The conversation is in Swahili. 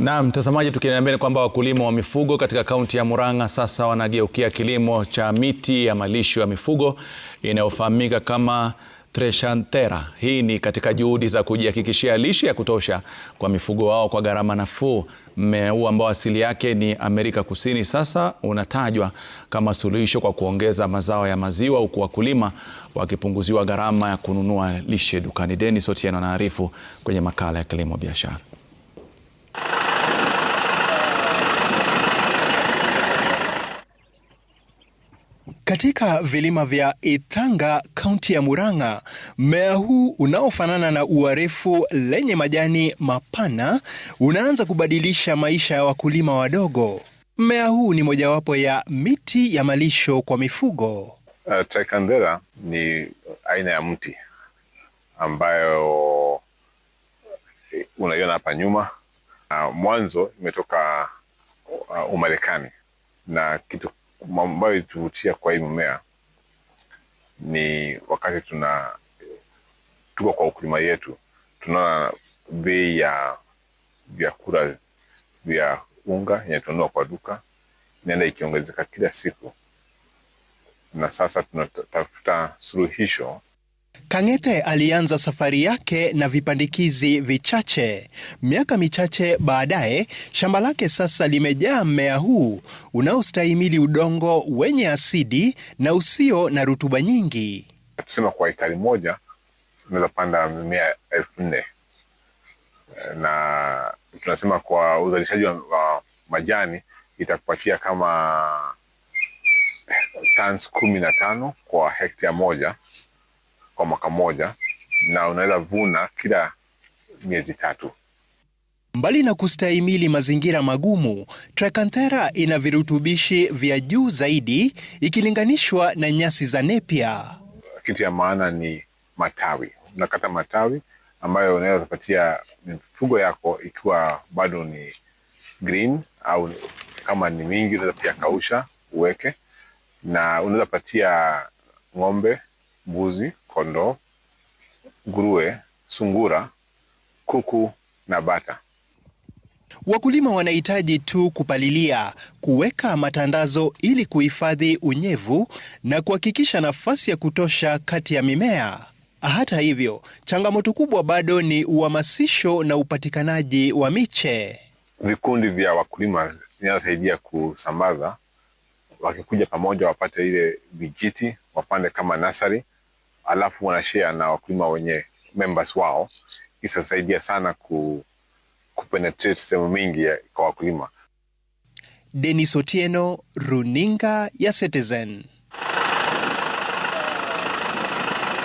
Na mtazamaji, tukiendelea ni kwamba wakulima wa mifugo katika kaunti ya Murang'a sasa wanageukia kilimo cha miti ya malisho ya mifugo inayofahamika kama Trechantera. Hii ni katika juhudi za kujihakikishia lishe ya kutosha kwa mifugo wao kwa gharama nafuu. Mmea huu ambao asili yake ni Amerika Kusini sasa unatajwa kama suluhisho kwa kuongeza mazao ya maziwa, huku wakulima wakipunguziwa gharama ya kununua lishe dukani. Denis Otieno anaarifu kwenye makala ya Kilimo Biashara. Katika vilima vya Ithanga, kaunti ya Murang'a, mmea huu unaofanana na ua refu lenye majani mapana unaanza kubadilisha maisha ya wakulima wadogo. Mmea huu ni mojawapo ya miti ya malisho kwa mifugo. Uh, Trikandera ni aina ya mti ambayo uh, unaiona hapa nyuma. Uh, mwanzo imetoka uh, Umarekani na kitu mambo ambayo ilituvutia kwa hii mmea ni wakati tuna tuko kwa ukulima yetu, tunaona bei ya vyakula vya unga yenye kwa duka inaenda ikiongezeka kila siku, na sasa tunatafuta suluhisho Kang'ethe alianza safari yake na vipandikizi vichache. Miaka michache baadaye, shamba lake sasa limejaa mmea huu unaostahimili udongo wenye asidi na usio na rutuba nyingi. Tusema kwa ekari moja tunaweza panda mimea elfu nne na tunasema kwa uzalishaji wa majani itakupatia kama tans kumi na tano kwa hekta moja kwa mwaka mmoja na unaweza vuna kila miezi tatu. Mbali na kustahimili mazingira magumu, Trakanthera ina virutubishi vya juu zaidi ikilinganishwa na nyasi za nepia. Kitu ya maana ni matawi, unakata matawi ambayo unaweza kupatia mifugo yako ikiwa bado ni green, au kama ni mingi unaweza pia kausha uweke, na unaweza patia ng'ombe, mbuzi kondoo, nguruwe, sungura, kuku na bata. Wakulima wanahitaji tu kupalilia, kuweka matandazo ili kuhifadhi unyevu na kuhakikisha nafasi ya kutosha kati ya mimea. Hata hivyo, changamoto kubwa bado ni uhamasisho na upatikanaji wa miche. Vikundi vya wakulima vinasaidia kusambaza, wakikuja pamoja wapate ile vijiti, wapande kama nasari alafu wanashare na wakulima wenye members wao, itasaidia sana ku, kupenetrate sehemu mingi kwa wakulima. Denis Otieno, runinga ya Citizen.